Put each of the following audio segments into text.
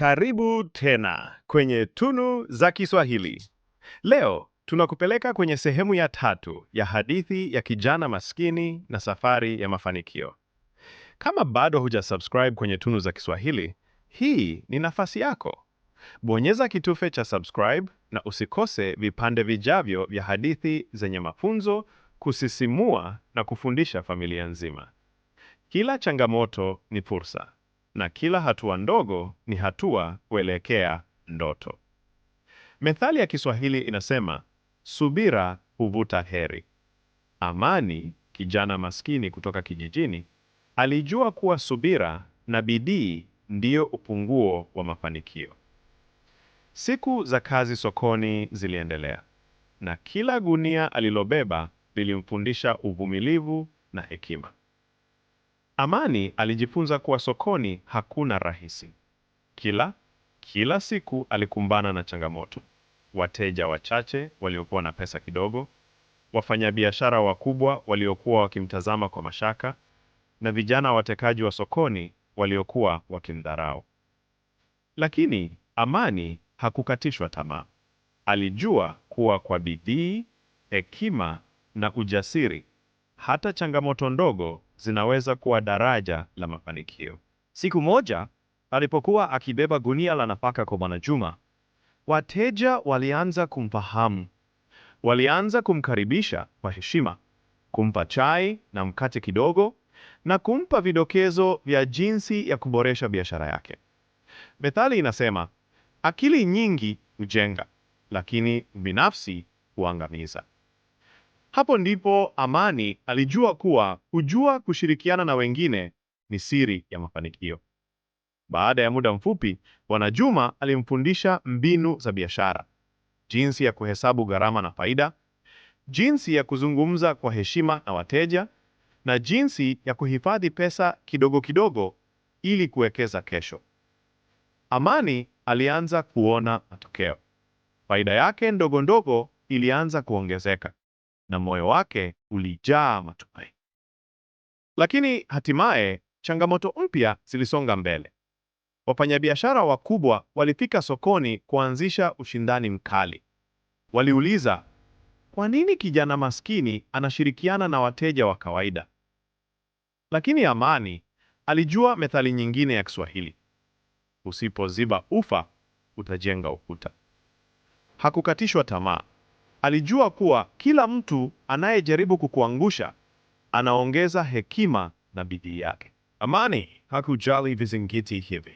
Karibu tena kwenye Tunu za Kiswahili. Leo tunakupeleka kwenye sehemu ya tatu ya hadithi ya kijana maskini na safari ya mafanikio. Kama bado hujasubscribe kwenye Tunu za Kiswahili, hii ni nafasi yako. Bonyeza kitufe cha subscribe na usikose vipande vijavyo vya hadithi zenye mafunzo, kusisimua na kufundisha familia nzima. Kila changamoto ni fursa na kila hatua ndogo ni hatua kuelekea ndoto. Methali ya Kiswahili inasema, subira huvuta heri. Amani, kijana maskini kutoka kijijini, alijua kuwa subira na bidii ndiyo upunguo wa mafanikio. Siku za kazi sokoni ziliendelea na kila gunia alilobeba lilimfundisha uvumilivu na hekima. Amani alijifunza kuwa sokoni hakuna rahisi. Kila kila siku alikumbana na changamoto: wateja wachache waliokuwa na pesa kidogo, wafanyabiashara wakubwa waliokuwa wakimtazama kwa mashaka, na vijana watekaji wa sokoni waliokuwa wakimdharau. Lakini Amani hakukatishwa tamaa. Alijua kuwa kwa bidii, hekima na ujasiri hata changamoto ndogo zinaweza kuwa daraja la mafanikio. Siku moja alipokuwa akibeba gunia la nafaka kwa Bwana Juma, wateja walianza kumfahamu. Walianza kumkaribisha kwa heshima, kumpa chai na mkate kidogo, na kumpa vidokezo vya jinsi ya kuboresha biashara yake. Methali inasema, akili nyingi hujenga, lakini binafsi huangamiza. Hapo ndipo Amani alijua kuwa kujua kushirikiana na wengine ni siri ya mafanikio. Baada ya muda mfupi, Bwana Juma alimfundisha mbinu za biashara, jinsi ya kuhesabu gharama na faida, jinsi ya kuzungumza kwa heshima na wateja, na jinsi ya kuhifadhi pesa kidogo kidogo ili kuwekeza kesho. Amani alianza kuona matokeo. Faida yake ndogo ndogo ilianza kuongezeka na moyo wake ulijaa matumaini. Lakini hatimaye changamoto mpya zilisonga mbele. Wafanyabiashara wakubwa walifika sokoni kuanzisha ushindani mkali. Waliuliza, kwa nini kijana maskini anashirikiana na wateja wa kawaida? Lakini Amani alijua methali nyingine ya Kiswahili, usipoziba ufa utajenga ukuta. Hakukatishwa tamaa, Alijua kuwa kila mtu anayejaribu kukuangusha anaongeza hekima na bidii yake. Amani hakujali vizingiti hivi.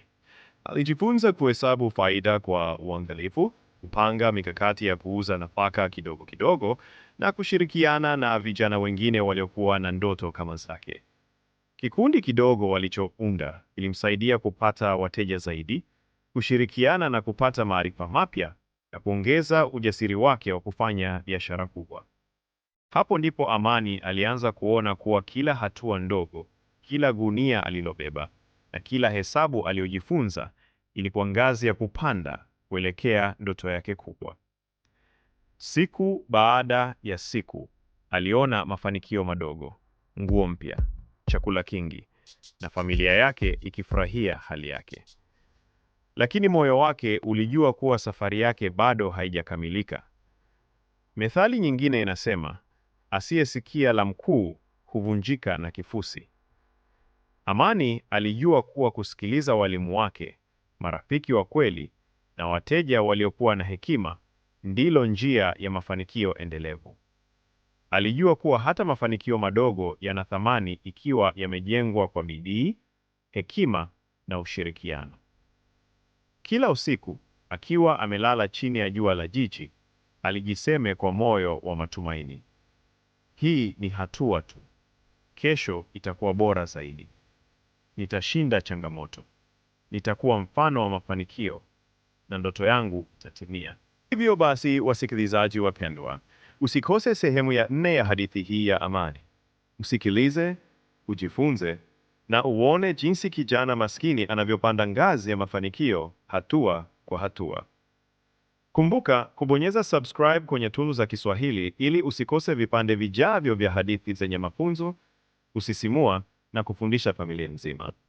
Alijifunza kuhesabu faida kwa uangalifu, kupanga mikakati ya kuuza nafaka kidogo kidogo na kushirikiana na vijana wengine waliokuwa na ndoto kama zake. Kikundi kidogo walichounda kilimsaidia kupata wateja zaidi, kushirikiana na kupata maarifa mapya na kuongeza ujasiri wake wa kufanya biashara kubwa. Hapo ndipo Amani alianza kuona kuwa kila hatua ndogo, kila gunia alilobeba na kila hesabu aliyojifunza ilikuwa ngazi ya kupanda kuelekea ndoto yake kubwa. Siku baada ya siku, aliona mafanikio madogo, nguo mpya, chakula kingi na familia yake ikifurahia hali yake lakini moyo wake ulijua kuwa safari yake bado haijakamilika. Methali nyingine inasema, asiyesikia la mkuu huvunjika na kifusi. Amani alijua kuwa kusikiliza walimu wake, marafiki wa kweli na wateja waliokuwa na hekima ndilo njia ya mafanikio endelevu. Alijua kuwa hata mafanikio madogo yana thamani ikiwa yamejengwa kwa bidii, hekima na ushirikiano. Kila usiku akiwa amelala chini ya jua la jiji, alijiseme kwa moyo wa matumaini, hii ni hatua tu, kesho itakuwa bora zaidi, nitashinda changamoto, nitakuwa mfano wa mafanikio na ndoto yangu itatimia. Hivyo basi, wasikilizaji wapendwa, usikose sehemu ya nne ya hadithi hii ya amani. Usikilize, ujifunze na uone jinsi kijana maskini anavyopanda ngazi ya mafanikio hatua kwa hatua. Kumbuka kubonyeza subscribe kwenye Tunu za Kiswahili ili usikose vipande vijavyo vya hadithi zenye mafunzo, kusisimua na kufundisha familia nzima.